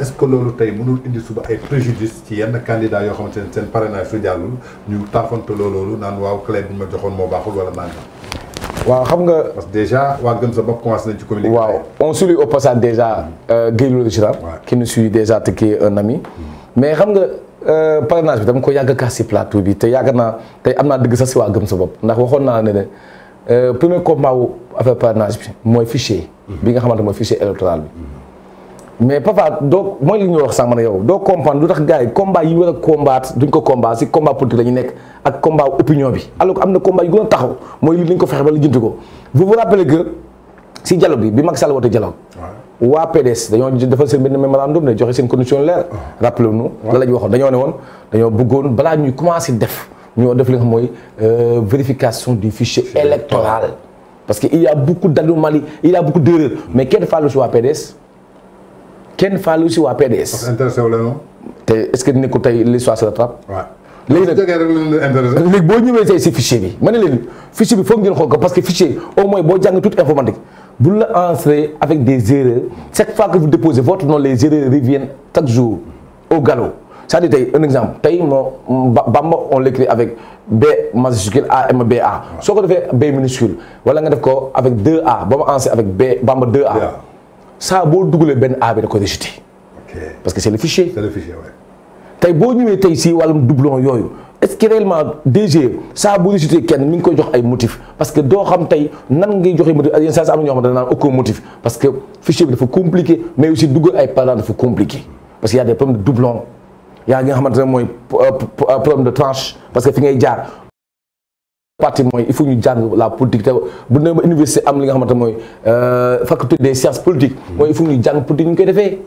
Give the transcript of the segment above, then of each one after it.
est ce que loolu tey mënul indi suba ay préjudice ci yenn candidat yoo xamante ne seen parrainage su jàllul ñu taafantaloo loolu naan waaw clé bi ñu ma joxoon moo baaxul wala naan waaw xam nga parce que déjà waa Gëm sa bopp commencé nañ ci communiquer. waaw on salue au passage déjà euh, Guèye Lula Girard. waaw qui déjà te un ami. Hmm. mais xam nga euh, parrainage bi dama ko yàgg a kaas si plateau bi te yàgg naa tey am naa dëgg sax si waa Gëm sa bopp ndax waxoon naa ne ne euh, premier combat wu affaire parrainage bi mooy fichier. Hmm. bi nga xamante mooy fichier mais Papa donc moi li ñu wax sànq man yow do comprendre lutax gars combat yi war combattre duñ ko combat ci combat politique la nek ak combat opinion bi alors amna combat yu gën taxaw moy li ñu ko fexé ba lijjanti ko vous vous rappelez que si dialogue bi bi Macky Sall woote dialogue. wa PDS dañu defal seen benn mémorandum ne joxe seen condition leer. rappelé nu la la ñu waxoon dañoo ne woon dañoo bëggoon balaa ñuy commencé def ñu def li nga xam euh, vérification du fichier électoral. parce que il y a beaucoup d'anomalies il y a beaucoup d'erreurs mais kenn le si wa PDS kenn faalu si waa PDS. parce que intéressé wu la est ce que nekkul tey l'histoire se la trappe nag léegi boo si fichier bi ma ne leen fichier bi foog ngeen xool ko parce que fichier au moins boo jàng toute informatique bu la avec des erreurs chaque fois que vous déposez votre nom les erreurs reviennent chaque jour au galop c'est-à-dire un exemple tey Bamba on l'écrit avec B majuscule A M B A soo ko B minuscule wala nga def ko avec 2A ba ma avec B Bamba 2A saa boo dugalee ben A avec le koy parce que c'est le fichier. c'est le fichier ouais. Tay boo ñëwee tay si wàllum doublon yooyu est ce que réellement DG ça a beau kenn mi ngi koy jox ay motif parce que doo xam tay nan ngay joxe motif yenn saa si am na xam aucun motif parce que fichier il faut compliqué mais aussi dugal ay il faut compliqué parce qu'il y' a des problèmes de doublons il y nga xamante ne euh, euh, problème de tranche parce que fi ngay parti mooy il faut ñu jàng la politique te bu ne ba université am li nga xamante mooy euh, faculté des sciences politiques mooy il faut ñu jàng politique ñu koy defee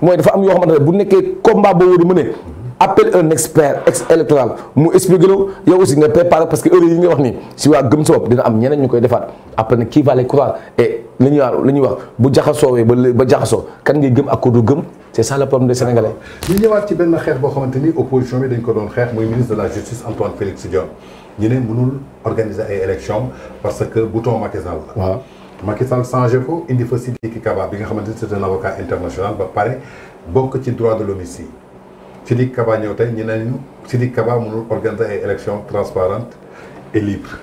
mooy dafa am yoo xamante ne bu nekkee combat boo war a mënee appelle un expert ex électoral mu expliqué la yow aussi nga préparé parce que heure yi nga wax nii si waa gëm sa bopp dina am ñeneen ñu defaat après nag qui va les croire et li ñuy wax li ñuy wax bu jaxasoowee ba ba jaxasoo kan ngay gëm ak ko du gëm c' est ça le problème des sénégalais. ñu ñëwaat ci benn xeex boo xamante ni opposition bi dañ ko doon xeex muy ministre de la justice Antoine Félix Diome ñu ne mënul organiser ay élections parce que bouton Macky Sall la. waaw Macky Sall changé ko indi fa Sidiki Kaba bi nga xamante ni c' est un avocat international ba pare bokk ci droit de l'homme ici Sidiki Kaba ñëw tey ñu ne ñu Sidiki Kaba mënul organiser ay élections transparentes et libres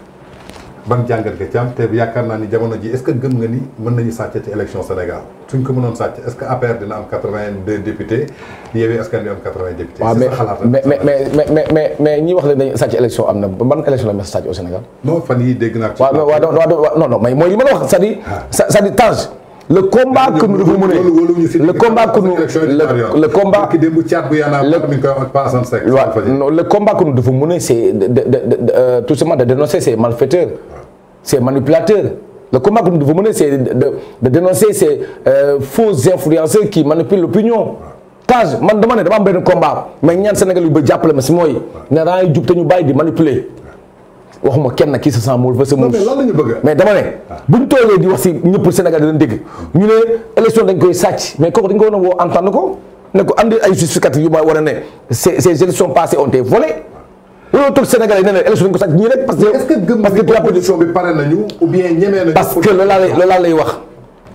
ban jàngat nga ci am te yaakaar naa ni jamono ji est-ce que gëm nga ni mën nañu sàcc ci élection Sénégal suñ ko mënoon sàcc est-ce que APR dina am quatre-vingt-deux députés Yewwi Askan Wi am quatre-vingts députés. waaw mais mais mais mais mais mais wax la sàcc élection am na ban élection la mos sàcc au Sénégal. non fan yii dégg naa. waaw waaw non non non mooy li ma la wax c'est-à-dire ah. c'est-à-dire Tange le combat que nous devons mener le combat que nous le combat le combat que nous devons mener c'est tout simplement de dénoncer ces malfaiteurs ces manipulateurs le combat que nous devons mener c'est de dénoncer ces faux influenceurs qui manipulent l'opinion Taj je me ne de combat mais il y a des gens qui ont été ne manipuler waxuma kenn ki sa cent mille fa sa mais dama ne ah. buñ tolé di wax ci ñepp Sénégal dinañ dégg ñu né élection dañ koy mais kooku dañ ko war nous entendre ko ne ko andi ay justificatif yu ma ces élections passées ont été volées tout le Sénégal ne élection ko ce que rek parce que parce que opposition bi nañu ou bien parce que loolu la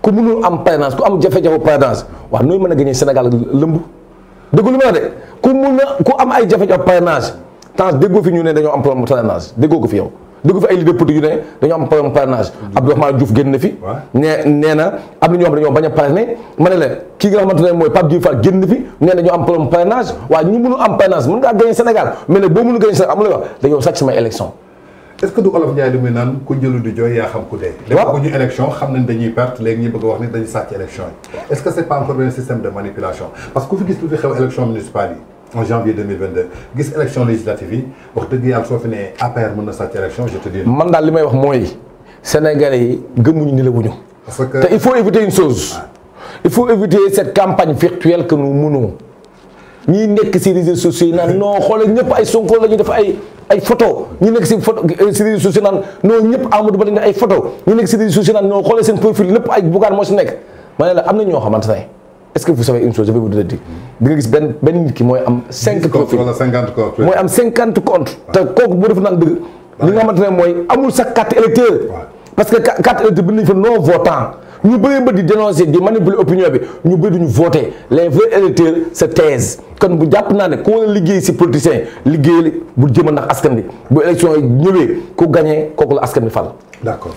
ku mënul am parrainage ku am jafe-jafe parrainage waaw nooy mën a gagné Sénégal lëmb dëgg lu ma de ku mun a ku am ay jafe-jafe parrainage temps déggoo fi ñu ne dañoo am problème parrainage déggoo ko fi yow déggoo fi ay leader politique yu ne dañoo am mm. na fi ne nee na am na bañ a parrainé ma ne la kii nga xamante ne mooy Pape Diouf Fall génn fi ne dañoo am problème waa waaw ñu mënul am parrainage mën ngaa gagné Sénégal mais boo mënul gagné Sénégal amul wax dañoo sàcc sama élection est-ce que du Ndiaye vous nan xam élection xam élection est-ce que c'est pas encore un système de manipulation parce que vous gis municipale en janvier 2022 gis élection législative wax élection je te dis. man que Sénégalais que il faut éviter une chose. il faut éviter cette campagne virtuelle que nous menons ñi nekk ci réseaux sociaux ñëpp ay Sonko ay photo ñu nekk si photo eh, si réseaux sociaux naan non ñëpp Amadou Ba la ay photo ñu nekk si réseaux sociaux naan xoolee seen profil lépp ay Bougane moo ne la am na ñoo xamante ne est-ce que vous savez une chose je vais vous dire di nga mooy am cinq profil mooy am cinquante compte te kooku boo def naan dëgg li nga xamante ne mooy amul sa carte électeur parce que carte électeur bi nañ fa non Nous devons dénoncer di manipuler opinion nous pouvons voter les vrais électeurs se taisent Quand bu vous nous ne vous politiciens nous politicien bu élection d'accord